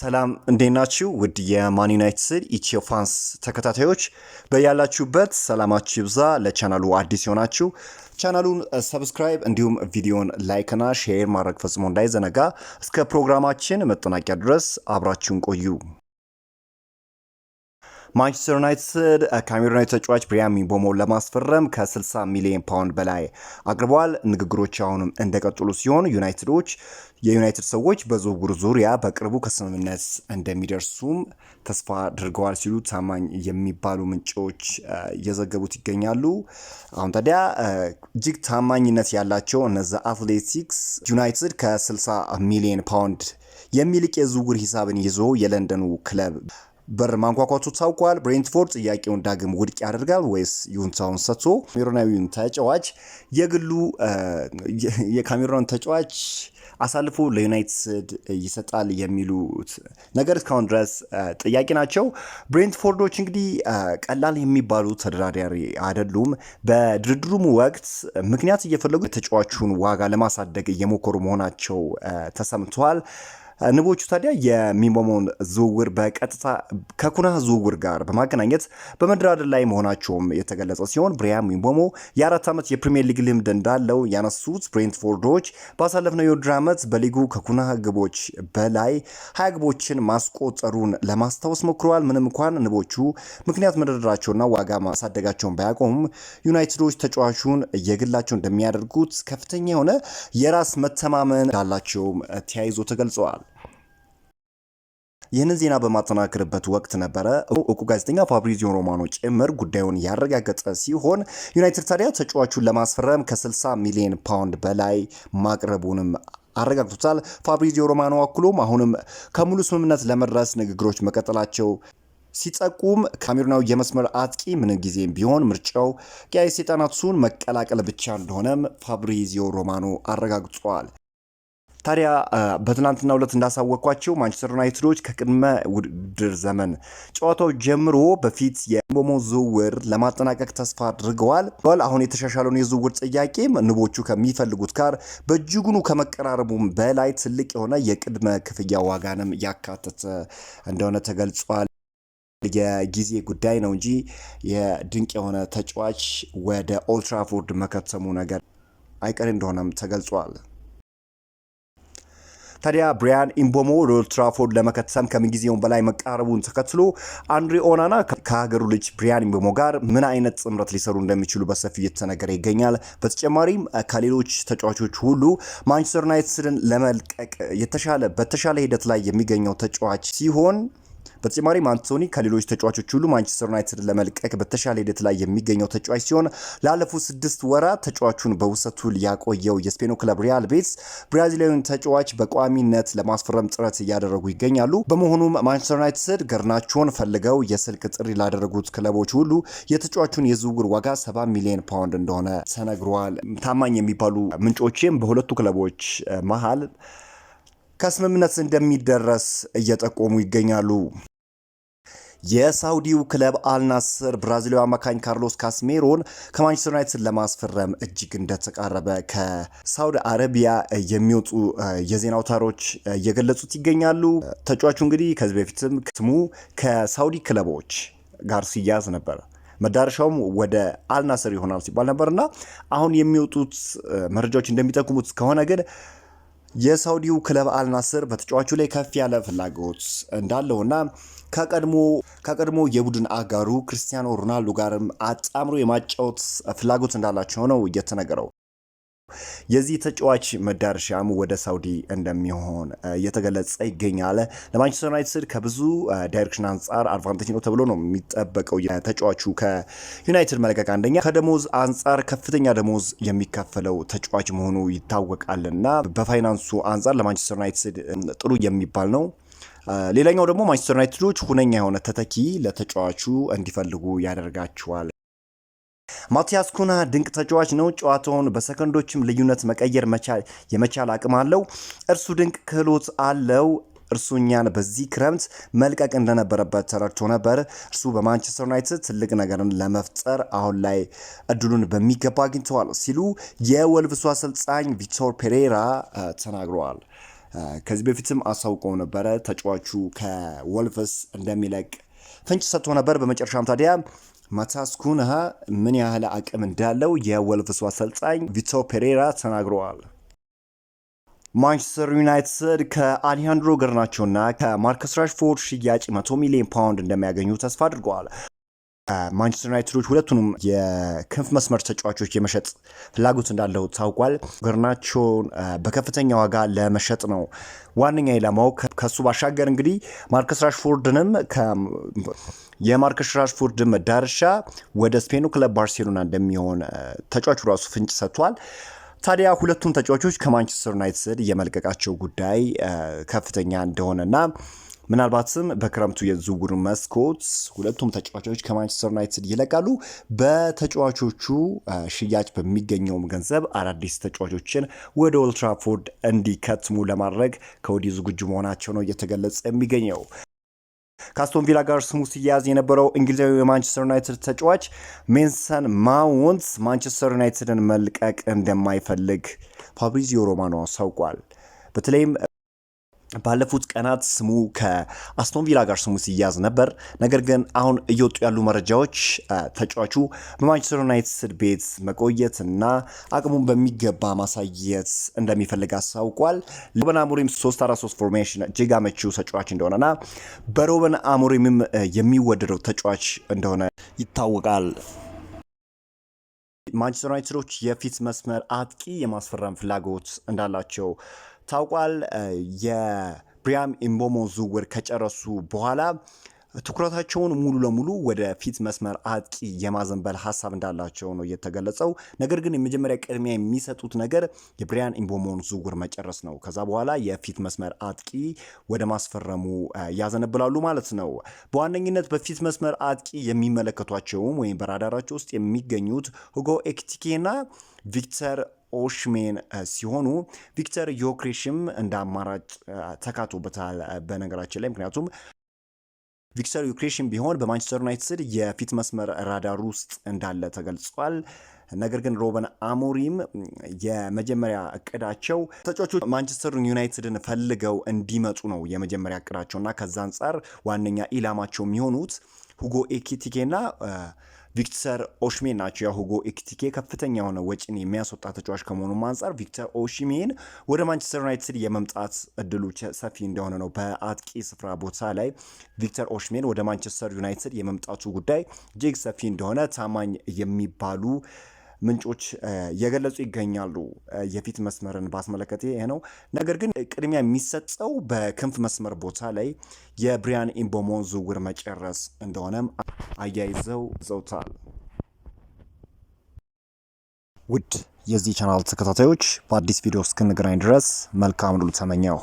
ሰላም እንዴት ናችሁ? ውድ የማን ዩናይትድ ኢትዮ ፋንስ ተከታታዮች በያላችሁበት ሰላማችሁ ይብዛ። ለቻናሉ አዲስ የሆናችሁ ቻናሉን ሰብስክራይብ እንዲሁም ቪዲዮን ላይክና ሼር ማድረግ ፈጽሞ እንዳይዘነጋ። እስከ ፕሮግራማችን መጠናቂያ ድረስ አብራችሁን ቆዩ። ማንቸስተር ዩናይትድ ካሜሩናዊ ተጫዋች ብሪያም ቦሞን ለማስፈረም ከ60 ሚሊዮን ፓውንድ በላይ አቅርበዋል። ንግግሮች አሁንም እንደቀጥሉ ሲሆን ዩናይትዶች የዩናይትድ ሰዎች በዝውውሩ ዙሪያ በቅርቡ ከስምምነት እንደሚደርሱም ተስፋ አድርገዋል ሲሉ ታማኝ የሚባሉ ምንጮች እየዘገቡት ይገኛሉ። አሁን ታዲያ እጅግ ታማኝነት ያላቸው እነዚ አትሌቲክስ ዩናይትድ ከ60 ሚሊዮን ፓውንድ የሚልቅ የዝውውር ሂሳብን ይዞ የለንደኑ ክለብ በር ማንኳኳቱ ታውቋል። ብሬንትፎርድ ጥያቄውን ዳግም ውድቅ ያደርጋል ወይስ ይሁንታውን ሰጥቶ ካሜሮናዊውን ተጫዋች የግሉ የካሜሮናን ተጫዋች አሳልፎ ለዩናይትድ ይሰጣል የሚሉት ነገር እስካሁን ድረስ ጥያቄ ናቸው። ብሬንትፎርዶች እንግዲህ ቀላል የሚባሉ ተደራዳሪ አይደሉም። በድርድሩም ወቅት ምክንያት እየፈለጉ የተጫዋቹን ዋጋ ለማሳደግ እየሞከሩ መሆናቸው ተሰምቷል። ንቦቹ ታዲያ የሚሞሞን ዝውውር በቀጥታ ከኩና ዝውውር ጋር በማገናኘት በመደራደር ላይ መሆናቸውም የተገለጸ ሲሆን ብሪያም ሚሞሞ የአራት ዓመት የፕሪምየር ሊግ ልምድ እንዳለው ያነሱት ብሬንትፎርዶች ባሳለፍነው የውድድር ዓመት በሊጉ ከኩና ግቦች በላይ ሀያ ግቦችን ማስቆጠሩን ለማስታወስ ሞክረዋል። ምንም እንኳን ንቦቹ ምክንያት መደረደራቸውና ዋጋ ማሳደጋቸውን ባያቆሙም ዩናይትዶች ተጫዋቹን የግላቸው እንደሚያደርጉት ከፍተኛ የሆነ የራስ መተማመን እንዳላቸውም ተያይዞ ተገልጸዋል። ይህንን ዜና በማጠናከርበት ወቅት ነበረ እውቁ ጋዜጠኛ ፋብሪዚዮ ሮማኖ ጭምር ጉዳዩን ያረጋገጠ ሲሆን ዩናይትድ ታዲያ ተጫዋቹን ለማስፈረም ከ60 ሚሊዮን ፓውንድ በላይ ማቅረቡንም አረጋግጦታል። ፋብሪዚዮ ሮማኖ አክሎም አሁንም ከሙሉ ስምምነት ለመድረስ ንግግሮች መቀጠላቸው ሲጠቁም ካሜሩናዊ የመስመር አጥቂ ምን ጊዜም ቢሆን ምርጫው ቀያይ ሰይጣናቱን መቀላቀል ብቻ እንደሆነም ፋብሪዚዮ ሮማኖ አረጋግጧል። ታዲያ በትናንትናው ዕለት እንዳሳወቅኳቸው ማንቸስተር ዩናይትዶች ከቅድመ ውድድር ዘመን ጨዋታው ጀምሮ በፊት የንቦሞ ዝውውር ለማጠናቀቅ ተስፋ አድርገዋል። አሁን የተሻሻለውን የዝውውር ጥያቄ ንቦቹ ከሚፈልጉት ጋር በእጅጉኑ ከመቀራረቡም በላይ ትልቅ የሆነ የቅድመ ክፍያ ዋጋንም ያካተተ እንደሆነ ተገልጿል። የጊዜ ጉዳይ ነው እንጂ የድንቅ የሆነ ተጫዋች ወደ ኦልትራፎርድ መከተሙ ነገር አይቀሬ እንደሆነም ተገልጿል። ታዲያ ብሪያን ኢምቦሞ ወደ ኦልድ ትራፎርድ ለመከተሰም ከምንጊዜውን በላይ መቃረቡን ተከትሎ አንድሪ ኦናና ከሀገሩ ልጅ ብሪያን ኢምቦሞ ጋር ምን አይነት ጥምረት ሊሰሩ እንደሚችሉ በሰፊ እየተነገረ ይገኛል። በተጨማሪም ከሌሎች ተጫዋቾች ሁሉ ማንቸስተር ዩናይትድን ለመልቀቅ የተሻለ በተሻለ ሂደት ላይ የሚገኘው ተጫዋች ሲሆን በተጨማሪም አንቶኒ ከሌሎች ተጫዋቾች ሁሉ ማንቸስተር ዩናይትድ ለመልቀቅ በተሻለ ሂደት ላይ የሚገኘው ተጫዋች ሲሆን ላለፉት ስድስት ወራት ተጫዋቹን በውሰቱ ያቆየው የስፔኑ ክለብ ሪያል ቤትስ ብራዚላዊን ተጫዋች በቋሚነት ለማስፈረም ጥረት እያደረጉ ይገኛሉ። በመሆኑም ማንቸስተር ዩናይትድ ገርናቾን ፈልገው የስልክ ጥሪ ላደረጉት ክለቦች ሁሉ የተጫዋቹን የዝውውር ዋጋ 70 ሚሊዮን ፓውንድ እንደሆነ ተነግሯል። ታማኝ የሚባሉ ምንጮችም በሁለቱ ክለቦች መሀል ከስምምነት እንደሚደረስ እየጠቆሙ ይገኛሉ። የሳውዲው ክለብ አልናስር ብራዚላዊ አማካኝ ካርሎስ ካስሜሮን ከማንቸስተር ዩናይትድ ለማስፈረም እጅግ እንደተቃረበ ከሳውዲ አረቢያ የሚወጡ የዜና አውታሮች እየገለጹት ይገኛሉ። ተጫዋቹ እንግዲህ ከዚህ በፊትም ስሙ ከሳውዲ ክለቦች ጋር ሲያዝ ነበር። መዳረሻውም ወደ አልናስር ይሆናል ሲባል ነበርና አሁን የሚወጡት መረጃዎች እንደሚጠቁሙት ከሆነ ግን የሳውዲው ክለብ አልናስር በተጫዋቹ ላይ ከፍ ያለ ፍላጎት እንዳለውና ከቀድሞ የቡድን አጋሩ ክርስቲያኖ ሮናልዶ ጋርም አጣምሮ የማጫወት ፍላጎት እንዳላቸው ነው እየተነገረው። የዚህ ተጫዋች መዳረሻም ወደ ሳውዲ እንደሚሆን እየተገለጸ ይገኛል። ለማንቸስተር ዩናይትድ ከብዙ ዳይሬክሽን አንጻር አድቫንቴጅ ነው ተብሎ ነው የሚጠበቀው። ተጫዋቹ ከዩናይትድ መለቀቅ አንደኛ ከደሞዝ አንጻር ከፍተኛ ደሞዝ የሚከፈለው ተጫዋች መሆኑ ይታወቃል እና በፋይናንሱ አንጻር ለማንቸስተር ዩናይትድ ጥሩ የሚባል ነው። ሌላኛው ደግሞ ማንቸስተር ዩናይትዶች ሁነኛ የሆነ ተተኪ ለተጫዋቹ እንዲፈልጉ ያደርጋቸዋል። ማቲያስ ኩና ድንቅ ተጫዋች ነው። ጨዋታውን በሰከንዶችም ልዩነት መቀየር የመቻል አቅም አለው። እርሱ ድንቅ ክህሎት አለው። እርሱ እኛን በዚህ ክረምት መልቀቅ እንደነበረበት ተረድቶ ነበር። እርሱ በማንቸስተር ዩናይትድ ትልቅ ነገርን ለመፍጠር አሁን ላይ እድሉን በሚገባ አግኝተዋል ሲሉ የወልቭሱ አሰልጣኝ ቪክቶር ፔሬራ ተናግረዋል። ከዚህ በፊትም አሳውቀው ነበረ ተጫዋቹ ከወልቭስ እንደሚለቅ ፍንጭ ሰጥቶ ነበር። በመጨረሻም ታዲያ ማታስኩንሃ ምን ያህል አቅም እንዳለው የወልቭሱ አሰልጣኝ ቪቶ ፔሬራ ተናግረዋል። ማንቸስተር ዩናይትድ ከአሊሃንድሮ ገርናቾና ከማርከስ ራሽፎርድ ሽያጭ 100 ሚሊዮን ፓውንድ እንደሚያገኙ ተስፋ አድርገዋል። ማንቸስተር ዩናይትዶች ሁለቱንም የክንፍ መስመር ተጫዋቾች የመሸጥ ፍላጎት እንዳለው ታውቋል። ገርናቾን በከፍተኛ ዋጋ ለመሸጥ ነው ዋነኛ ኢላማው። ከሱ ባሻገር እንግዲህ ማርከስ ራሽፎርድንም የማርከስ ራሽፎርድ መዳረሻ ወደ ስፔኑ ክለብ ባርሴሎና እንደሚሆን ተጫዋቹ ራሱ ፍንጭ ሰጥቷል። ታዲያ ሁለቱም ተጫዋቾች ከማንቸስተር ዩናይትድ የመልቀቃቸው ጉዳይ ከፍተኛ እንደሆነና ምናልባትም በክረምቱ የዝውውር መስኮት ሁለቱም ተጫዋቾች ከማንቸስተር ዩናይትድ ይለቃሉ። በተጫዋቾቹ ሽያጭ በሚገኘውም ገንዘብ አዳዲስ ተጫዋቾችን ወደ ኦልትራፎርድ እንዲከትሙ ለማድረግ ከወዲህ ዝግጁ መሆናቸው ነው እየተገለጸ የሚገኘው። ከአስቶን ቪላ ጋር ስሙ ሲያያዝ የነበረው እንግሊዛዊ የማንቸስተር ዩናይትድ ተጫዋች ሜንሰን ማውንት ማንቸስተር ዩናይትድን መልቀቅ እንደማይፈልግ ፋብሪዚዮ ሮማኖ አሳውቋል። በተለይም ባለፉት ቀናት ስሙ ከአስቶንቪላ ጋር ስሙ ሲያዝ ነበር። ነገር ግን አሁን እየወጡ ያሉ መረጃዎች ተጫዋቹ በማንቸስተር ዩናይትድ ቤት መቆየት እና አቅሙን በሚገባ ማሳየት እንደሚፈልግ አሳውቋል። ሮበን አሞሪም 343 ፎርሜሽን እጅግ አመቺው ተጫዋች እንደሆነና በሮበን አሞሪምም የሚወደደው ተጫዋች እንደሆነ ይታወቃል። ማንቸስተር ዩናይትዶች የፊት መስመር አጥቂ የማስፈራም ፍላጎት እንዳላቸው ታውቋል። የብሪያም ኢምቦሞ ዝውውር ከጨረሱ በኋላ ትኩረታቸውን ሙሉ ለሙሉ ወደ ፊት መስመር አጥቂ የማዘንበል ሀሳብ እንዳላቸው ነው የተገለጸው። ነገር ግን የመጀመሪያ ቅድሚያ የሚሰጡት ነገር የብሪያን ኢምቦሞን ዝውውር መጨረስ ነው። ከዛ በኋላ የፊት መስመር አጥቂ ወደ ማስፈረሙ ያዘነብላሉ ማለት ነው። በዋነኝነት በፊት መስመር አጥቂ የሚመለከቷቸውም ወይም በራዳራቸው ውስጥ የሚገኙት ሁጎ ኤኪቲኬና ቪክተር ኦሽሜን ሲሆኑ ቪክተር ዮክሬሽም እንደ አማራጭ ተካቶበታል። በነገራችን ላይ ምክንያቱም ቪክተር ዩክሬሽን ቢሆን በማንቸስተር ዩናይትድ የፊት መስመር ራዳር ውስጥ እንዳለ ተገልጿል። ነገር ግን ሮበን አሞሪም የመጀመሪያ እቅዳቸው ተጫዋቾች ማንቸስተር ዩናይትድን ፈልገው እንዲመጡ ነው የመጀመሪያ እቅዳቸውና ከዛ አንጻር ዋነኛ ኢላማቸው የሚሆኑት ሁጎ ኤኪቲኬና ቪክተር ኦሽሜን ናቸው። ያ ሁጎ ከፍተኛ የሆነ ወጪን የሚያስወጣ ተጫዋች ከመሆኑም አንጻር ቪክተር ኦሽሜን ወደ ማንቸስተር ዩናይትድ የመምጣት እድሉ ሰፊ እንደሆነ ነው። በአጥቂ ስፍራ ቦታ ላይ ቪክተር ኦሽሜን ወደ ማንቸስተር ዩናይትድ የመምጣቱ ጉዳይ እጅግ ሰፊ እንደሆነ ታማኝ የሚባሉ ምንጮች እየገለጹ ይገኛሉ። የፊት መስመርን ባስመለከተ ይሄ ነው። ነገር ግን ቅድሚያ የሚሰጠው በክንፍ መስመር ቦታ ላይ የብሪያን ኢምቦሞን ዝውውር መጨረስ እንደሆነም አያይዘው ዘውታል። ውድ የዚህ ቻናል ተከታታዮች በአዲስ ቪዲዮ እስክንገናኝ ድረስ መልካም ሉ ተመኘው።